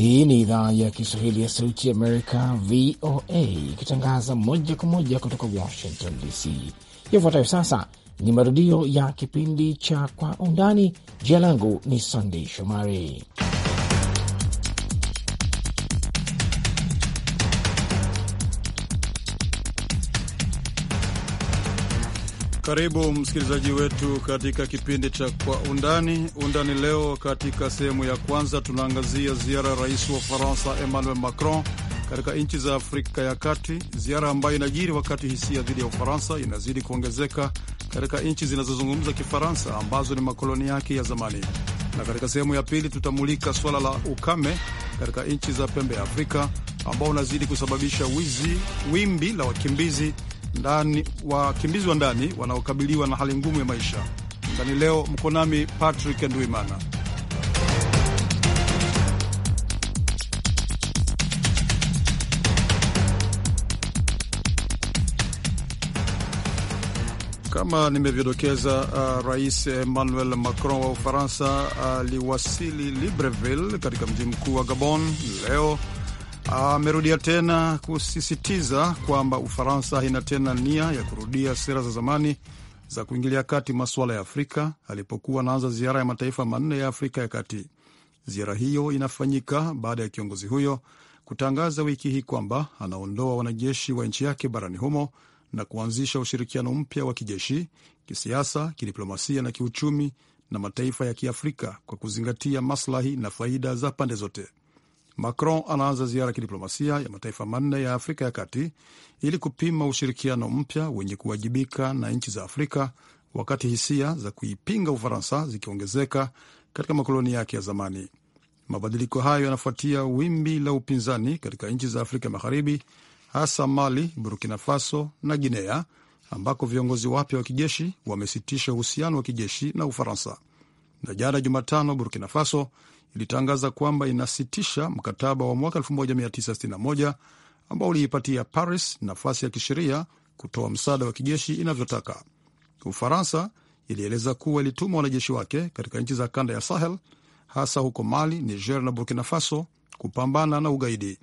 Hii ni idhaa ya Kiswahili ya Sauti ya Amerika, VOA, ikitangaza moja kwa moja kutoka Washington DC. Yafuatayo sasa ni marudio ya kipindi cha Kwa Undani. Jina langu ni Sandei Shomari. Karibu msikilizaji wetu katika kipindi cha Kwa Undani. Undani leo, katika sehemu ya kwanza tunaangazia ziara ya rais wa Ufaransa Emmanuel Macron katika nchi za Afrika ya Kati, ziara ambayo inajiri wakati hisia dhidi ya Ufaransa inazidi kuongezeka katika nchi zinazozungumza Kifaransa ambazo ni makoloni yake ya zamani. Na katika sehemu ya pili tutamulika suala la ukame katika nchi za pembe ya Afrika ambao unazidi kusababisha wizi, wimbi la wakimbizi ndani wakimbizi wa ndani wanaokabiliwa na hali ngumu ya maisha. Ndani leo mko nami Patrick Ndwimana. Kama nimevyodokeza, uh, Rais Emmanuel Macron wa Ufaransa uh, aliwasili uh, Libreville katika mji mkuu wa Gabon leo amerudia tena kusisitiza kwamba Ufaransa haina tena nia ya kurudia sera za zamani za kuingilia kati masuala ya Afrika alipokuwa anaanza ziara ya mataifa manne ya Afrika ya Kati. Ziara hiyo inafanyika baada ya kiongozi huyo kutangaza wiki hii kwamba anaondoa wanajeshi wa nchi yake barani humo na kuanzisha ushirikiano mpya wa kijeshi, kisiasa, kidiplomasia na kiuchumi na mataifa ya Kiafrika kwa kuzingatia maslahi na faida za pande zote. Macron anaanza ziara ya kidiplomasia ya mataifa manne ya Afrika ya kati ili kupima ushirikiano mpya wenye kuwajibika na nchi za Afrika, wakati hisia za kuipinga Ufaransa zikiongezeka katika makoloni yake ya zamani. Mabadiliko hayo yanafuatia wimbi la upinzani katika nchi za Afrika Magharibi, hasa Mali, Burkina Faso na Guinea, ambako viongozi wapya wa kijeshi wamesitisha uhusiano wa kijeshi na Ufaransa. Na jana Jumatano, Burkina Faso ilitangaza kwamba inasitisha mkataba wa mwaka 1961 ambao uliipatia Paris nafasi ya kisheria kutoa msaada wa kijeshi inavyotaka. Ufaransa ilieleza kuwa ilituma wanajeshi wake katika nchi za kanda ya Sahel, hasa huko Mali, Niger na Burkina Faso kupambana na ugaidi.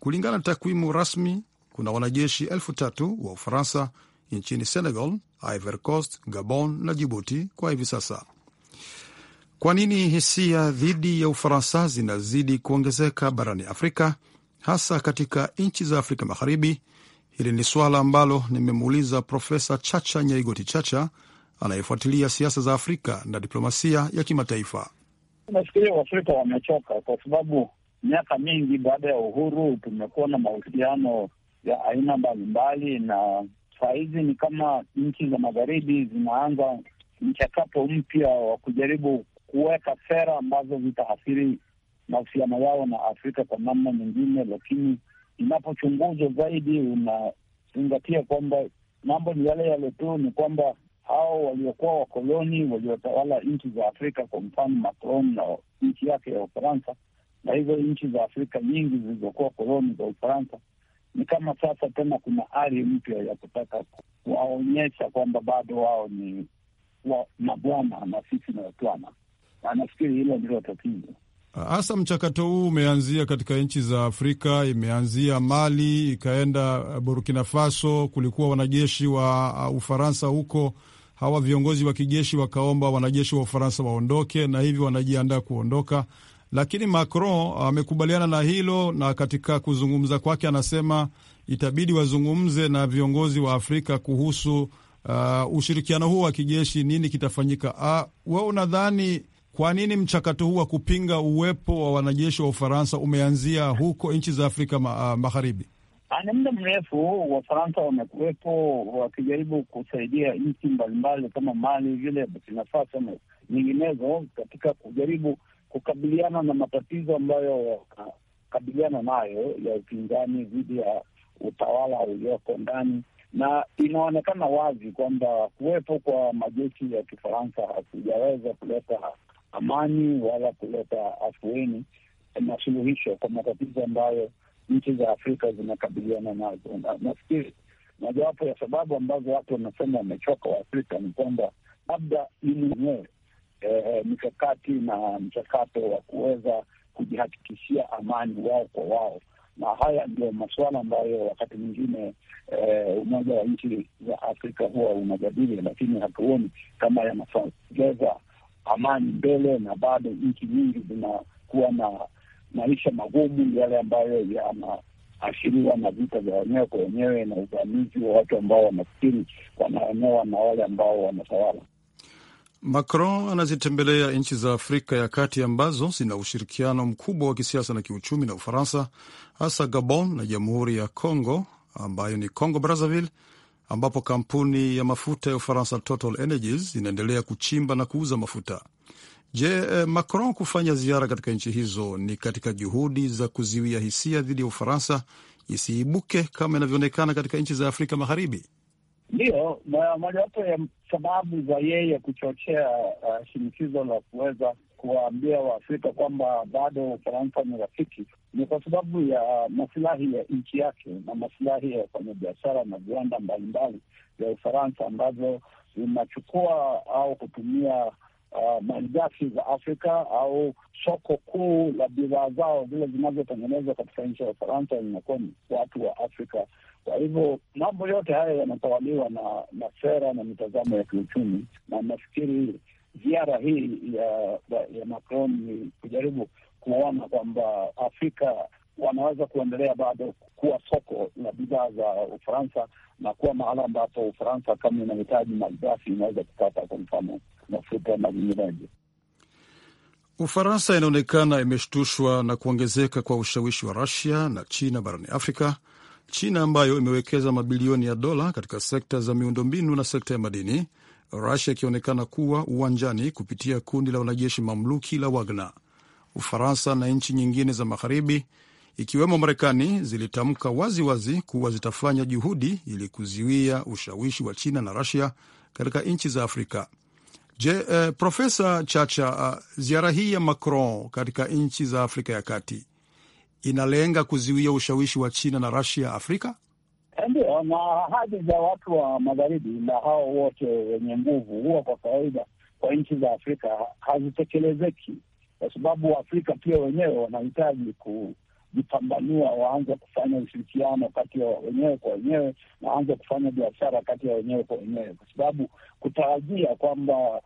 Kulingana na takwimu rasmi, kuna wanajeshi elfu tatu wa Ufaransa nchini Senegal, Ivory Coast, Gabon na Jibuti kwa hivi sasa. Kwa nini hisia dhidi ya Ufaransa zinazidi kuongezeka barani Afrika, hasa katika nchi za Afrika Magharibi? Hili ni suala ambalo nimemuuliza Profesa Chacha Nyaigoti Chacha anayefuatilia siasa za Afrika na diplomasia ya kimataifa. Nafikiria Waafrika wamechoka kwa sababu miaka mingi baada ya uhuru tumekuwa na mahusiano ya aina mbalimbali, na saa hizi ni kama nchi za magharibi zinaanza mchakato mpya wa kujaribu kuweka sera ambazo zitaathiri mahusiano yao na Afrika kwa namna nyingine, lakini inapochunguzwa zaidi unazingatia kwamba mambo ni yale yale tu, ni kwamba hao waliokuwa wakoloni waliotawala nchi za Afrika, kwa mfano Macron na nchi yake ya Ufaransa na hizo nchi za Afrika nyingi zilizokuwa koloni za Ufaransa, ni kama sasa tena kuna ari mpya ya kutaka kuwaonyesha kwamba bado wao ni mabwana na sisi ni watwana anafikiri hilo ndilo tatizo hasa. Mchakato huu umeanzia katika nchi za Afrika, imeanzia Mali, ikaenda Burkina Faso. Kulikuwa wanajeshi wa uh, Ufaransa huko, hawa viongozi wa kijeshi wakaomba wanajeshi wa Ufaransa waondoke, na hivi wanajiandaa kuondoka, lakini Macron amekubaliana na hilo, na katika kuzungumza kwake anasema itabidi wazungumze na viongozi wa Afrika kuhusu uh, ushirikiano huo wa kijeshi, nini kitafanyika. Uh, we unadhani kwa nini mchakato huu wa kupinga uwepo wa wanajeshi wa Ufaransa umeanzia huko nchi za Afrika ma, uh, magharibi? Ah, ni muda mrefu Wafaransa wamekuwepo wakijaribu kusaidia nchi mbalimbali kama Mali vile Burkina Faso na nyinginezo katika kujaribu kukabiliana na matatizo ambayo wakakabiliana nayo ya upinzani dhidi ya utawala ulioko ndani, na inaonekana wazi kwamba kuwepo kwa majeshi ya Kifaransa hakujaweza kuleta amani wala kuleta afueni na suluhisho kwa matatizo ambayo nchi za Afrika zinakabiliana nazo. Nafikiri mojawapo ya sababu ambazo watu wanasema wamechoka wa afrika ni kwamba labda ini wenyewe eh, mikakati na mchakato wa kuweza kujihakikishia amani wao kwa wao, na haya ndio masuala ambayo wakati mwingine eh, umoja wa nchi za Afrika huwa unajadili, lakini hatuoni kama yanasogeza amani mbele, na bado nchi nyingi zinakuwa na maisha magumu, yale ambayo yanaashiriwa na vita vya wenyewe kwa wenyewe na uvamizi wa watu ambao wanafikiri wanaonewa na wale ambao wanatawala. Macron anazitembelea nchi za Afrika ya kati ambazo zina ushirikiano mkubwa wa kisiasa na kiuchumi na Ufaransa, hasa Gabon na Jamhuri ya Congo ambayo ni Congo Brazzaville ambapo kampuni ya mafuta ya Ufaransa Total Energies inaendelea kuchimba na kuuza mafuta. Je, eh, Macron kufanya ziara katika nchi hizo ni katika juhudi za kuziwia hisia dhidi ya Ufaransa isiibuke kama inavyoonekana katika nchi za Afrika Magharibi? Ndiyo, na mojawapo ya sababu za yeye kuchochea uh, shinikizo la kuweza kuwaambia Waafrika kwamba bado Ufaransa ni rafiki ni kwa sababu ya masilahi ya nchi yake na masilahi ya wafanyabiashara na viwanda mbalimbali vya Ufaransa ambazo vinachukua au kutumia uh, malighafi za Afrika au soko kuu la bidhaa zao zile zinazotengenezwa katika nchi ya Ufaransa zinakuwa ni watu wa Afrika. Kwa hivyo mambo yote haya yanatawaliwa na, na sera na mitazamo ya kiuchumi, na nafikiri ziara hii ya, ya Macron ni kujaribu kuona kwamba Afrika wanaweza kuendelea bado kuwa soko la bidhaa za Ufaransa na kuwa mahala ambapo Ufaransa kama inahitaji malighafi inaweza kupata, kwa mfano mafuta na vinginevyo. Ufaransa inaonekana imeshtushwa na kuongezeka kwa ushawishi wa Rusia na China barani Afrika. China ambayo imewekeza mabilioni ya dola katika sekta za miundombinu na sekta ya madini Rusia ikionekana kuwa uwanjani kupitia kundi la wanajeshi mamluki la Wagner. Ufaransa na nchi nyingine za magharibi ikiwemo Marekani zilitamka waziwazi wazi kuwa zitafanya juhudi ili kuziwia ushawishi wa China na Rusia katika nchi za Afrika. Je, uh, Profesa Chacha, uh, ziara hii ya Macron katika nchi za Afrika ya kati inalenga kuziwia ushawishi wa China na Rusia Afrika? Ndio, na ahadi za watu wa magharibi na hao wote wenye nguvu huwa kwa kawaida kwa nchi za Afrika hazitekelezeki, kwa sababu Waafrika pia wenyewe wanahitaji kujipambanua, waanze kufanya ushirikiano kati ya wenyewe kwa wenyewe, waanze kufanya biashara kati ya wenyewe kwa wenyewe, kwa sababu kutarajia kwamba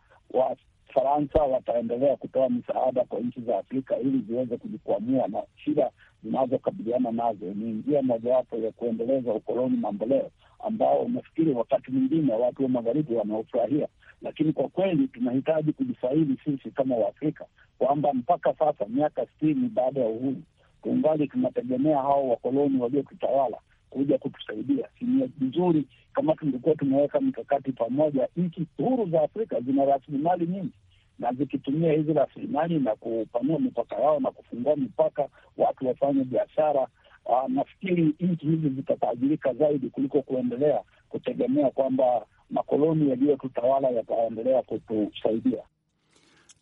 Ufaransa wataendelea kutoa msaada kwa nchi za Afrika ili ziweze kujikwamua na shida zinazokabiliana nazo. Ni njia mojawapo ya kuendeleza ukoloni mamboleo ambao unafikiri wakati mwingine watu wa magharibi wanaofurahia, lakini kwa kweli tunahitaji kujifaidi sisi kama Waafrika kwamba mpaka sasa miaka sitini baada ya uhuru tungali tunategemea hao wakoloni waliotutawala kuja kutusaidia. Ni vizuri kama tungekuwa tumeweka mikakati pamoja. Nchi huru za Afrika zina rasilimali nyingi na zikitumia hizi rasilimali na kupanua mipaka yao na kufungua mipaka, watu wafanye biashara. Uh, nafikiri nchi hizi zitatajirika zaidi kuliko kuendelea kutegemea kwamba makoloni yaliyotutawala yataendelea kutusaidia.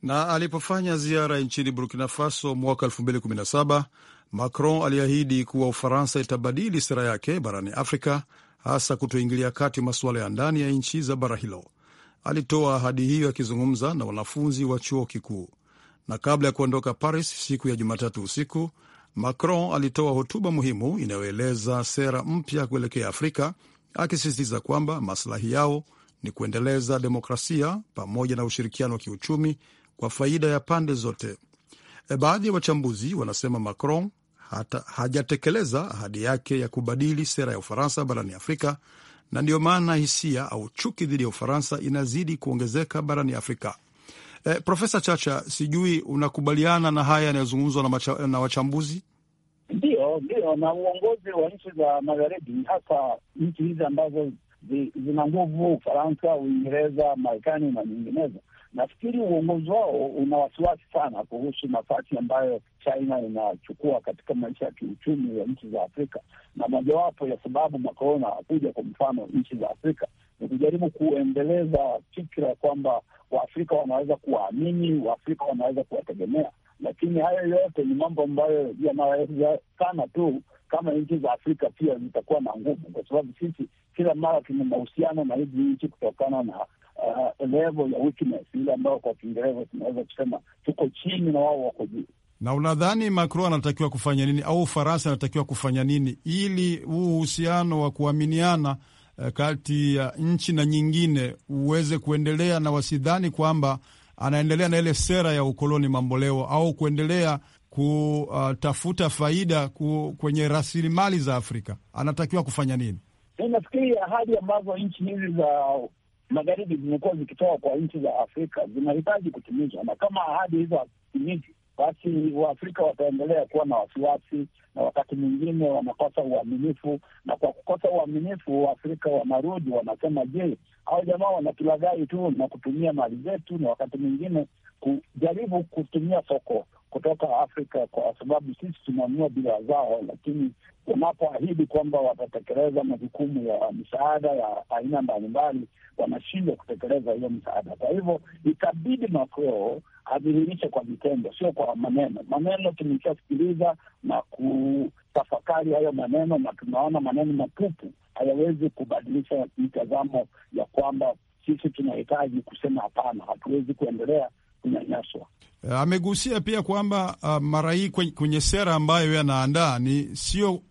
Na alipofanya ziara nchini Burkina Faso mwaka saba Macron aliahidi kuwa Ufaransa itabadili sera yake barani Afrika, hasa kutoingilia kati masuala ya ndani ya nchi za bara hilo. Alitoa ahadi hiyo akizungumza na wanafunzi wa chuo kikuu. Na kabla ya kuondoka Paris siku ya Jumatatu usiku, Macron alitoa hotuba muhimu inayoeleza sera mpya kuelekea Afrika, akisisitiza kwamba maslahi yao ni kuendeleza demokrasia pamoja na ushirikiano wa kiuchumi kwa faida ya pande zote. E, baadhi ya wa wachambuzi wanasema Macron hata hajatekeleza ahadi yake ya kubadili sera ya Ufaransa barani Afrika na ndiyo maana hisia au chuki dhidi ya Ufaransa inazidi kuongezeka barani Afrika. E, Profesa Chacha, sijui unakubaliana na haya yanayozungumzwa na, na wachambuzi? Ndio, ndio, na uongozi wa nchi za magharibi, hasa nchi hizi ambazo zina nguvu, Ufaransa, Uingereza, Marekani na nyinginezo Nafikiri uongozi wao una wasiwasi sana kuhusu nafasi ambayo China inachukua katika maisha ya kiuchumi ya nchi za Afrika, na mojawapo ya sababu Macron akuja kwa mfano nchi za Afrika ni kujaribu kuendeleza fikira kwamba Waafrika wanaweza kuwaamini, Waafrika wanaweza kuwategemea. Lakini hayo yote ni mambo ambayo yanawezekana tu kama nchi za Afrika pia zitakuwa na nguvu, kwa sababu sisi kila mara tuna mahusiano na hizi nchi kutokana na uh, level ya weakness ile ambayo kwa Kiingereza tunaweza kusema tuko chini na wao wako juu. Na unadhani Macron anatakiwa kufanya nini au Ufaransa anatakiwa kufanya nini ili huu uhusiano wa kuaminiana eh, kati ya nchi na nyingine uweze kuendelea na wasidhani kwamba anaendelea na ile sera ya ukoloni mamboleo au kuendelea kutafuta faida kwenye rasilimali za Afrika, anatakiwa kufanya nini? Nafikiri ahadi ambazo nchi hizi za magharibi zimekuwa zikitoa kwa nchi za Afrika zinahitaji kutimizwa, na kama ahadi hizo hazitimizwi, basi Waafrika wataendelea kuwa na wasiwasi, na wakati mwingine wanakosa uaminifu, na kwa kukosa uaminifu Waafrika wanarudi wanasema, je, au jamaa wanatulaghai tu na kutumia mali zetu, na wakati mwingine kujaribu kutumia soko kutoka Afrika kwa sababu sisi tunanunua bidhaa zao, lakini wanapoahidi kwamba watatekeleza majukumu ya misaada ya aina mbalimbali, wanashindwa kutekeleza hiyo msaada. Kwa hivyo itabidi Macron adhihirishe kwa vitendo, sio kwa maneno. Maneno tumeshasikiliza na kutafakari hayo maneno, na tunaona maneno matupu hayawezi kubadilisha mitazamo ya kwamba sisi tunahitaji kusema hapana, hatuwezi kuendelea kunyanyaswa. Eh, amegusia pia kwamba uh, mara hii kwenye sera ambayo yanaandaa ni sio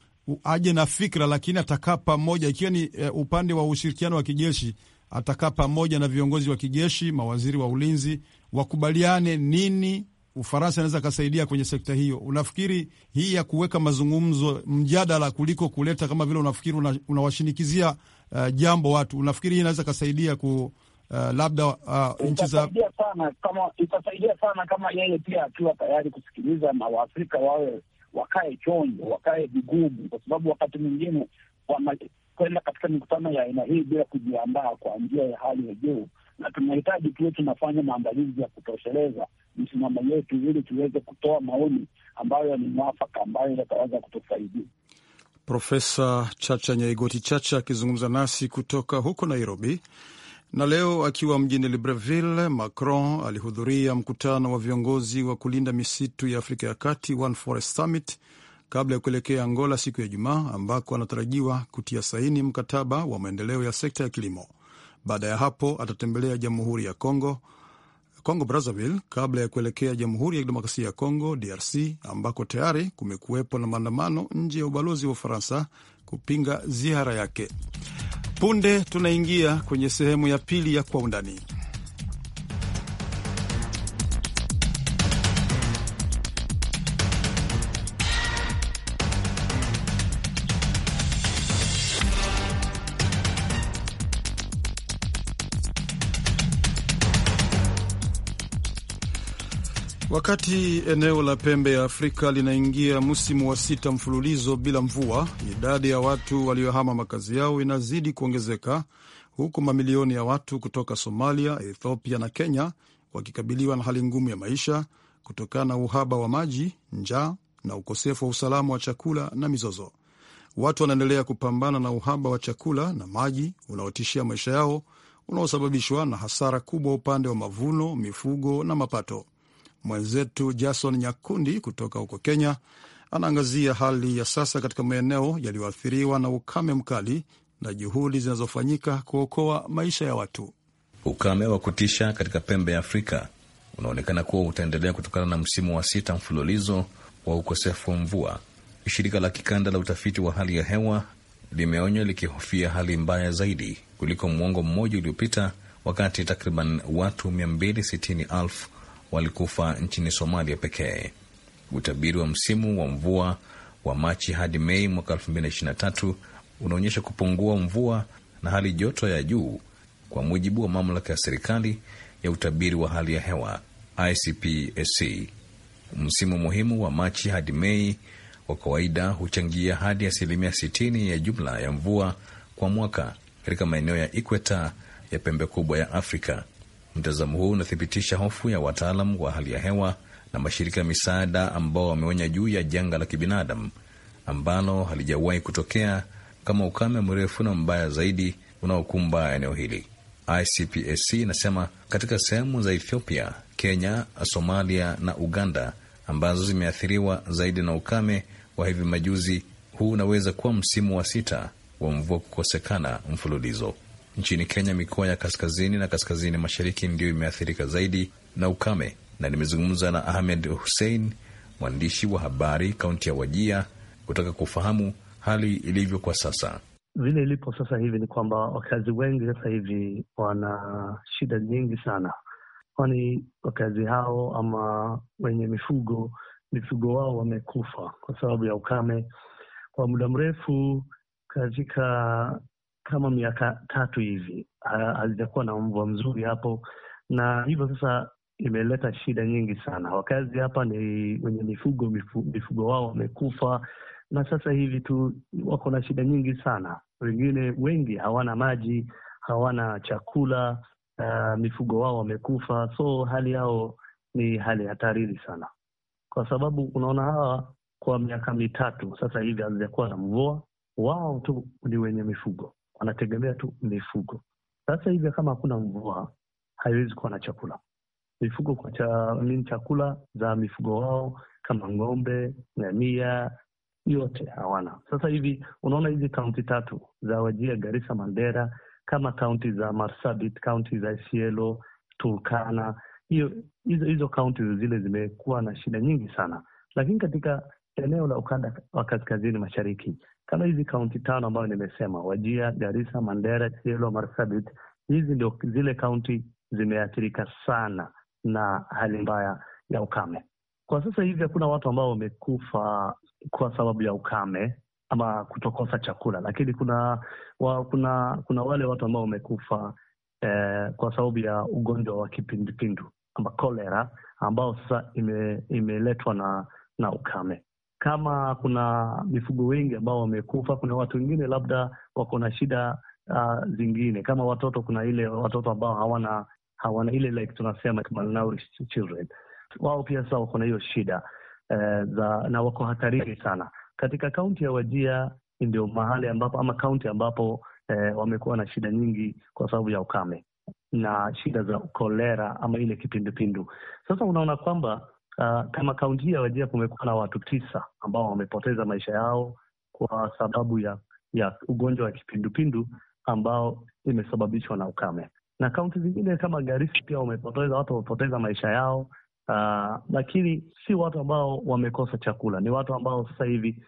aje na fikra, lakini atakaa pamoja, ikiwa ni uh, upande wa ushirikiano wa kijeshi, atakaa pamoja na viongozi wa kijeshi, mawaziri wa ulinzi, wakubaliane nini Ufaransa anaweza akasaidia kwenye sekta hiyo. Unafikiri hii ya kuweka mazungumzo, mjadala, kuliko kuleta kama vile unafikiri unawashinikizia una uh, eh, jambo watu, unafikiri hii inaweza kasaidia ku, Eh, labda uh, nchi za sana kama itasaidia sana kama yeye pia akiwa tayari kusikiliza na Waafrika wawe wakae chonjo, wakae vigumu, kwa sababu wakati mwingine wanakwenda katika mikutano ya aina hii bila kujiandaa kwa njia ya hali ya juu, na tunahitaji tuwe tunafanya maandalizi ya kutosheleza msimamo yetu ili tuweze kutoa maoni ambayo ni mwafaka, ambayo yataweza kutusaidia. Profesa Chacha Nyaigoti Chacha akizungumza nasi kutoka huko Nairobi. Na leo akiwa mjini Libreville, Macron alihudhuria mkutano wa viongozi wa kulinda misitu ya Afrika ya Kati, One Forest Summit, kabla ya kuelekea Angola siku ya Ijumaa, ambako anatarajiwa kutia saini mkataba wa maendeleo ya sekta ya kilimo. Baada ya hapo atatembelea jamhuri ya Congo, Congo Brazzaville, kabla ya kuelekea jamhuri ya kidemokrasia ya Congo, DRC, ambako tayari kumekuwepo na maandamano nje ya ubalozi wa Ufaransa kupinga ziara yake. Punde tunaingia kwenye sehemu ya pili ya Kwa Undani. Wakati eneo la pembe ya Afrika linaingia msimu wa sita mfululizo bila mvua, idadi ya watu waliohama makazi yao inazidi kuongezeka huku mamilioni ya watu kutoka Somalia, Ethiopia na Kenya wakikabiliwa na hali ngumu ya maisha kutokana na uhaba wa maji, njaa na ukosefu wa usalama wa chakula na mizozo. Watu wanaendelea kupambana na uhaba wa chakula na maji unaotishia maisha yao, unaosababishwa na hasara kubwa upande wa mavuno, mifugo na mapato. Mwenzetu Jason Nyakundi kutoka huko Kenya anaangazia hali ya sasa katika maeneo yaliyoathiriwa na ukame mkali na juhudi zinazofanyika kuokoa maisha ya watu. Ukame wa kutisha katika pembe ya Afrika unaonekana kuwa utaendelea kutokana na msimu wa sita mfululizo wa ukosefu wa mvua. Shirika la kikanda la utafiti wa hali ya hewa limeonywa likihofia hali mbaya zaidi kuliko mwongo mmoja uliopita, wakati takriban watu 260,000 walikufa nchini Somalia pekee. Utabiri wa msimu wa mvua wa Machi hadi Mei mwaka 2023 unaonyesha kupungua mvua na hali joto ya juu, kwa mujibu wa mamlaka ya serikali ya utabiri wa hali ya hewa ICPSC. Msimu muhimu wa Machi hadi Mei kwa kawaida huchangia hadi asilimia 60 ya jumla ya mvua kwa mwaka katika maeneo ya ikweta ya pembe kubwa ya Afrika. Mtazamo huu unathibitisha hofu ya wataalam wa hali ya hewa na mashirika ya misaada ambao wameonya juu ya janga la kibinadamu ambalo halijawahi kutokea kama ukame mrefu na mbaya zaidi unaokumba eneo hili. ICPAC inasema katika sehemu za Ethiopia, Kenya, Somalia na Uganda ambazo zimeathiriwa zaidi na ukame wa hivi majuzi, huu unaweza kuwa msimu wa sita wa mvua kukosekana mfululizo. Nchini Kenya, mikoa ya kaskazini na kaskazini mashariki ndiyo imeathirika zaidi na ukame, na nimezungumza na Ahmed Hussein, mwandishi wa habari kaunti ya Wajia, kutaka kufahamu hali ilivyo kwa sasa. Vile ilipo sasa hivi ni kwamba wakazi wengi sasa hivi wana shida nyingi sana, kwani wakazi hao ama wenye mifugo, mifugo wao wamekufa kwa sababu ya ukame kwa muda mrefu. Katika kama miaka tatu hivi, hazijakuwa na mvua mzuri hapo, na hivyo sasa imeleta shida nyingi sana. Wakazi hapa ni wenye mifugo, mifugo wao wamekufa, na sasa hivi tu wako na shida nyingi sana. Wengine wengi hawana maji, hawana chakula, uh, mifugo wao wamekufa, so hali yao ni hali hatarini sana, kwa sababu unaona hawa kwa miaka mitatu sasa hivi hazijakuwa na mvua, wao tu ni wenye mifugo wanategemea tu mifugo. Sasa hivi kama hakuna mvua, haiwezi kuwa na chakula mifugo kwa cha, nini chakula za mifugo wao kama ng'ombe, ngamia yote hawana. Sasa hivi unaona hizi kaunti tatu za Wajia, Garissa, Mandera kama kaunti za Marsabit, kaunti za Isiolo, Turkana, hiyo hizo hizo kaunti zile zimekuwa na shida nyingi sana, lakini katika eneo la ukanda wa kaskazini mashariki kama hizi kaunti tano ambayo nimesema, Wajia, garisa Mandera, Kielo, Marsabit, hizi ndio zile kaunti zimeathirika sana na hali mbaya ya ukame. Kwa sasa hivi hakuna watu ambao wamekufa kwa sababu ya ukame ama kutokosa chakula, lakini kuna wa, kuna kuna wale watu ambao wamekufa eh, kwa sababu ya ugonjwa wa kipindupindu ama kolera ambao sasa ime, imeletwa na na ukame. Kama kuna mifugo wengi ambao wamekufa, kuna watu wengine labda wako na shida uh, zingine kama watoto. Kuna ile watoto ambao hawana hawana ile like tunasema malnourished children, wao pia sasa wako na hiyo shida uh, za, na wako hatarini sana. Katika kaunti ya Wajia ndio mahali ambapo ama kaunti ambapo eh, wamekuwa na shida nyingi kwa sababu ya ukame na shida za kolera ama ile kipindupindu. Sasa unaona kwamba Uh, kama kaunti hii ya Wajia kumekuwa na watu tisa ambao wamepoteza maisha yao kwa sababu ya ya ugonjwa wa kipindupindu ambao imesababishwa na ukame, na kaunti zingine kama Garissa pia wamepoteza watu wamepoteza maisha yao. Uh, lakini si watu ambao wamekosa chakula, ni watu ambao sasa hivi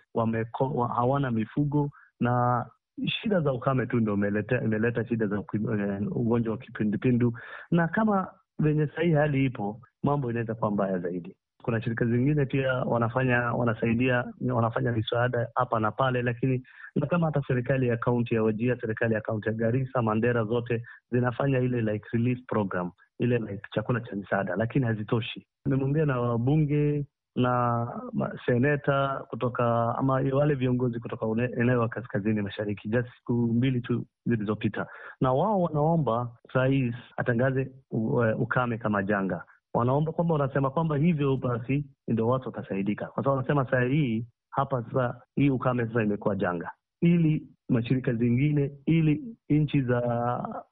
hawana mifugo na shida za ukame tu ndo imeleta, imeleta shida za eh, ugonjwa wa kipindupindu, na kama venye sahii hali ipo mambo inaweza kuwa mbaya zaidi. Kuna shirika zingine pia wanafanya wanasaidia wanafanya misaada hapa na pale, lakini na kama hata serikali ya kaunti ya Wajia, serikali ya kaunti ya Garissa, Mandera zote zinafanya ile like relief program ile like chakula cha misaada, lakini hazitoshi. Nimeongea na wabunge na seneta kutoka ama wale viongozi kutoka eneo la kaskazini mashariki ja siku mbili tu zilizopita, na wao wanaomba rais atangaze ukame kama janga wanaomba kwamba wanasema kwamba hivyo basi ndio watu watasaidika, kwa sababu wanasema saa hii hapa sasa hii ukame sasa imekuwa janga, ili mashirika zingine, ili nchi za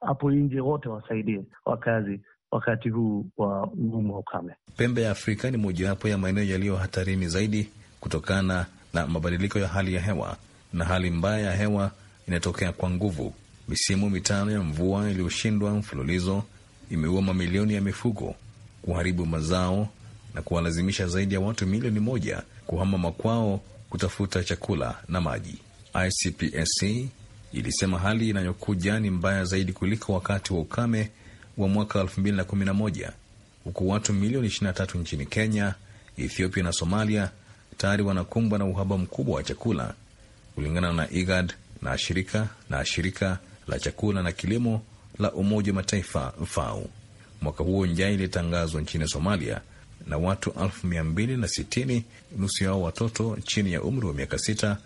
hapo nje wote wasaidie wakazi wakati huu wa ugumu wa ukame. Pembe ya Afrika ni mojawapo ya maeneo yaliyo hatarini zaidi kutokana na mabadiliko ya hali ya hewa, na hali mbaya ya hewa inatokea kwa nguvu. Misimu mitano ya mvua iliyoshindwa mfululizo imeua mamilioni ya mifugo kuharibu mazao na kuwalazimisha zaidi ya watu milioni moja kuhama makwao kutafuta chakula na maji. ICPSC ilisema hali inayokuja ni mbaya zaidi kuliko wakati wa ukame wa mwaka 2011 huku watu milioni 23 nchini Kenya, Ethiopia na Somalia tayari wanakumbwa na uhaba mkubwa wa chakula kulingana na IGAD na shirika na shirika la chakula na kilimo la Umoja wa Mataifa FAO. Mwaka huo njaa ilitangazwa nchini Somalia na watu elfu mia mbili na sitini, nusu yao watoto chini ya umri wa miaka sita,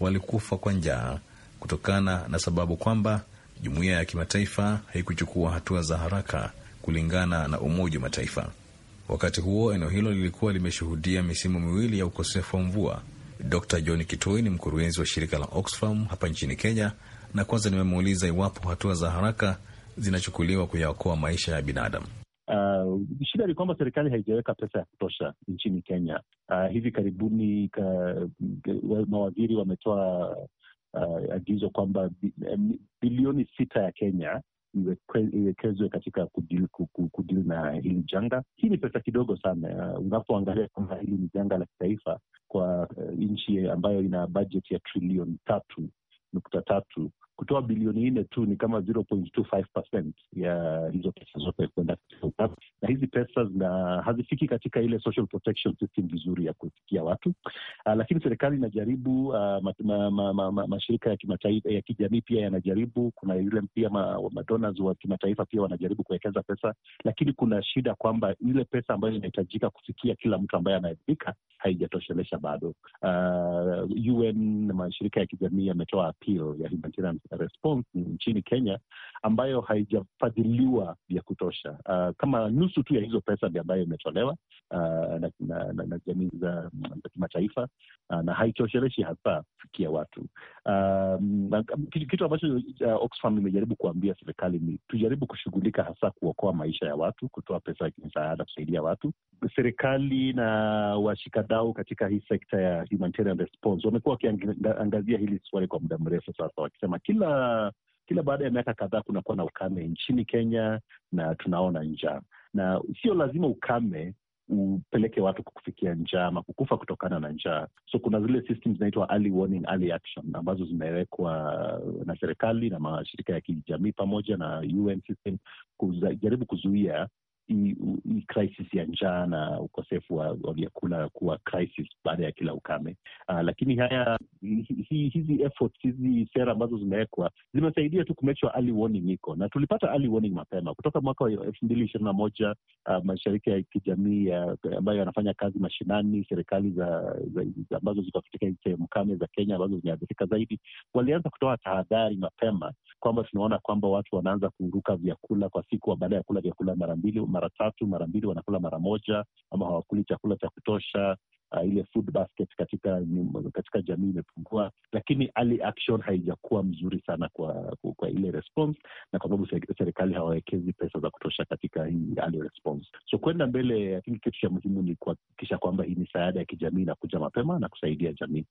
walikufa kwa njaa kutokana na sababu kwamba jumuiya ya kimataifa haikuchukua hatua za haraka, kulingana na Umoja wa Mataifa. Wakati huo eneo hilo lilikuwa limeshuhudia misimu miwili ya ukosefu wa mvua. Dr John kitoi ni mkurugenzi wa shirika la Oxfam hapa nchini Kenya, na kwanza nimemuuliza iwapo hatua za haraka zinachukuliwa kuyaokoa maisha ya binadamu? Uh, shida ni kwamba serikali haijaweka pesa ya kutosha nchini Kenya. Uh, hivi karibuni ka, mawaziri wametoa uh, agizo kwamba eh, bilioni sita ya Kenya iwekezwe katika kudili, kudili na hili janga. Hii ni pesa kidogo sana uh, unapoangalia kwamba hili ni janga la kitaifa kwa uh, nchi ambayo ina bajeti ya trilioni tatu nukta tatu kutoa bilioni nne tu ni kama 0.25% ya hizo pesa zote kwenda na hizi pesa zina hazifiki katika ile social protection system vizuri ya kufikia watu uh, lakini serikali inajaribu uh, ma, ma, ma, ma, ma, mashirika ya kimataifa ya kijamii pia yanajaribu. Kuna yule pia madonors ma wa kimataifa pia wanajaribu kuwekeza pesa, lakini kuna shida kwamba ile pesa ambayo inahitajika kufikia kila mtu ambaye anaelimika haijatoshelesha bado. Uh, ah, UN mashirika ya kijamii yametoa appeal ya humanitarian response nchini Kenya ambayo haijafadhiliwa vya kutosha. Uh, kama nusu tu ya hizo pesa ndi ambayo imetolewa uh, na, na, na, na jamii za, mm, za kimataifa uh, na haitosheleshi hasa fikia watu um, na, kitu ambacho uh, Oxfam imejaribu kuambia serikali ni tujaribu kushughulika hasa kuokoa maisha ya watu, kutoa pesa ya misaada kusaidia watu. Serikali na washikadau katika hii sekta ya humanitarian response wamekuwa wakiangazia hili swali kwa muda mrefu sasa, wakisema kila kila baada ya miaka kadhaa kunakuwa na ukame nchini Kenya na tunaona njaa, na sio lazima ukame upeleke watu kufikia njaa ama kukufa kutokana na njaa. So kuna zile system zinaitwa early warning, early action ambazo zimewekwa na serikali na mashirika ya kijamii pamoja na UN system kujaribu kuzuia hii crisis ya njaa na ukosefu wa vyakula kuwa crisis baada ya kila ukame. Uh, lakini haya hi, hizi efforts, hizi sera ambazo zimewekwa zimesaidia tu kumechwa early warning iko na tulipata early warning mapema kutoka mwaka wa elfu mbili ishirini na moja. Uh, ah, mashirika ya kijamii ambayo yanafanya kazi mashinani, serikali za, za, za ambazo ziko katika sehemu kame za Kenya ambazo zimeathirika zaidi walianza kutoa tahadhari mapema kwamba tunaona kwamba watu wanaanza kuruka vyakula kwa siku baada ya kula vyakula mara mbili mara tatu mara mbili, wanakula mara moja ama hawakuli chakula cha kutosha. Uh, ile food basket katika katika jamii imepungua, lakini action haijakuwa mzuri sana kwa kwa ile response, na kwa sababu serikali hawawekezi pesa za kutosha katika hii early response. So kwenda mbele, I kitu cha muhimu ni kuhakikisha kwamba hii misaada ya kijamii inakuja mapema na kusaidia jamii.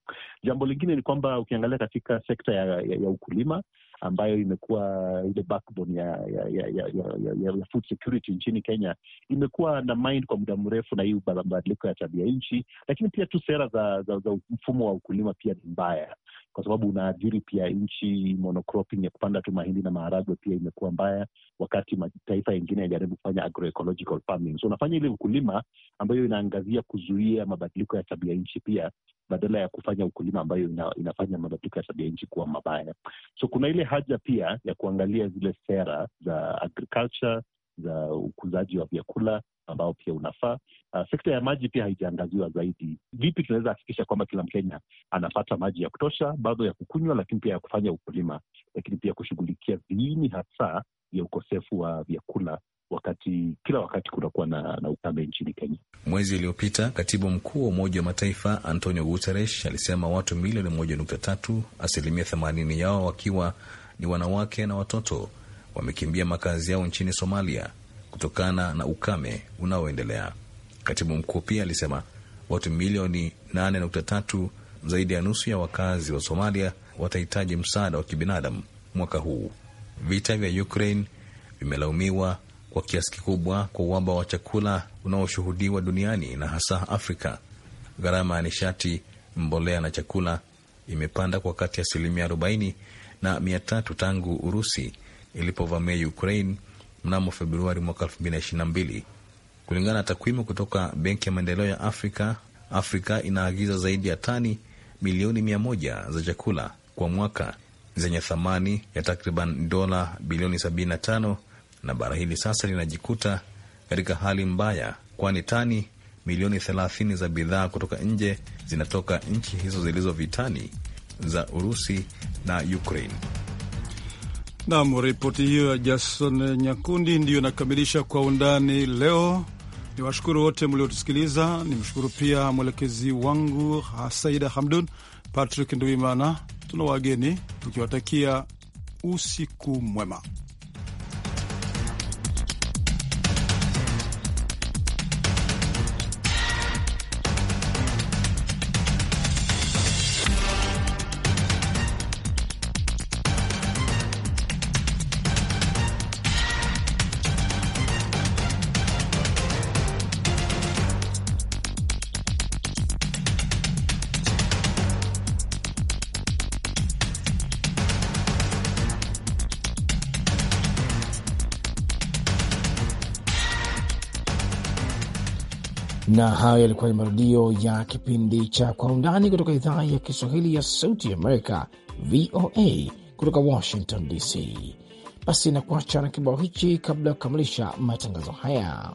Jambo lingine ni kwamba ukiangalia katika sekta ya, ya, ya ukulima ambayo imekuwa ile backbone ya ya ya, ya, ya, ya ya food security nchini Kenya imekuwa na mind kwa muda mrefu na hii mabadiliko ya tabia nchi, lakini pia tu sera za, za, za mfumo wa ukulima pia ni mbaya kwa sababu unaadhiri pia nchi. Monocropping ya kupanda tu mahindi na maharagwe pia imekuwa mbaya, wakati mataifa yengine yajaribu kufanya agroecological farming. So unafanya ile ukulima ambayo inaangazia kuzuia mabadiliko ya tabia nchi pia badala ya kufanya ukulima ambayo ina, inafanya mabadiliko ya tabia nchi kuwa mabaya. So kuna ile haja pia ya kuangalia zile sera za agriculture za ukuzaji wa vyakula ambao pia unafaa. Uh, sekta ya maji pia haijaangaziwa zaidi. Vipi tunaweza hakikisha kwamba kila Mkenya anapata maji ya kutosha, bado ya kukunywa, lakini pia ya kufanya ukulima, lakini pia kushughulikia viini hasa vya ukosefu wa vyakula wakati kila wakati kunakuwa na, na ukame nchini Kenya. Mwezi uliopita katibu mkuu wa Umoja wa Mataifa Antonio Guterres alisema watu milioni moja nukta tatu, asilimia themanini yao wakiwa ni wanawake na watoto wamekimbia makazi yao nchini Somalia kutokana na ukame unaoendelea. Katibu mkuu pia alisema watu milioni 8.3 zaidi ya nusu ya wakazi wa Somalia watahitaji msaada wa kibinadamu mwaka huu. Vita vya Ukraine vimelaumiwa kwa kiasi kikubwa kwa uhaba wa chakula unaoshuhudiwa duniani na hasa Afrika. Gharama ya nishati, mbolea na chakula imepanda kwa kati ya asilimia 40 na 300 tangu Urusi ilipovamia Ukraine mnamo Februari mwaka 2022. Kulingana na takwimu kutoka Benki ya Maendeleo ya Afrika, Afrika inaagiza zaidi ya tani milioni 1 za chakula kwa mwaka zenye thamani ya takriban dola bilioni 75 na bara hili sasa linajikuta katika hali mbaya, kwani tani milioni thelathini za bidhaa kutoka nje zinatoka nchi hizo zilizo vitani za Urusi na Ukraine. Nam, ripoti hiyo ya Jason Nyakundi ndiyo inakamilisha Kwa Undani leo. Ni washukuru wote mliotusikiliza. Nimshukuru pia mwelekezi wangu Saida Hamdun, Patrick Nduimana. Tuna wageni tukiwatakia usiku mwema. na hayo yalikuwa ni marudio ya kipindi cha Kwa Undani kutoka idhaa ya Kiswahili ya Sauti Amerika, VOA, kutoka Washington DC. Basi nakuacha na kibao hichi kabla ya kukamilisha matangazo haya.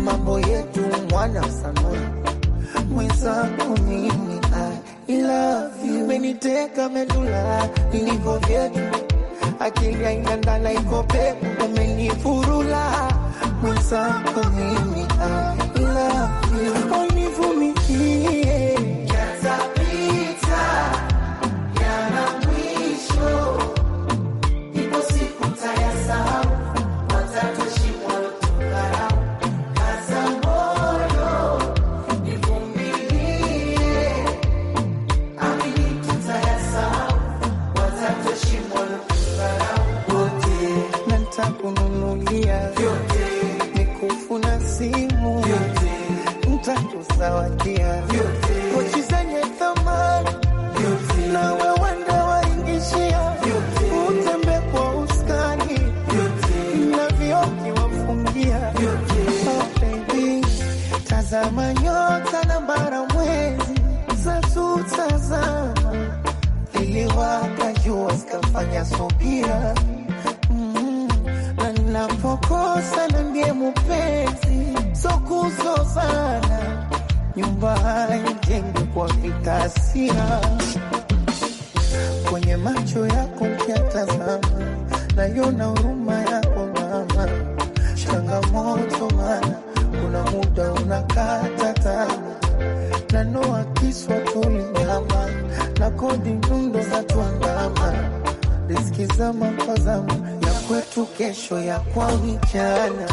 mambo yetu mwana sanona mwenzangu mimi I love you meniteka medula ilivyo vyetu akili aingandana iko peku umenifurula mwenzangu mimi I love you kupakia pochi zenye thamani na wawanda waingishia utembe kwa uskani na vioki wafungia. Oh, tazama nyota na bara mwezi zatutazama iliwaka jua zikafanya subira mm-hmm. napokosa na ndiye mupenzi sokuzozana nyumba ijenge kwa vitasia, kwenye macho yako mkiatazama, nayona huruma yako mama, changamoto mana kuna muda unakata tamaa, nanoa kiswa tulinyama na kodi nundo za tuandama, riski zama kwa zama ya kwetu, kesho ya kwa vijana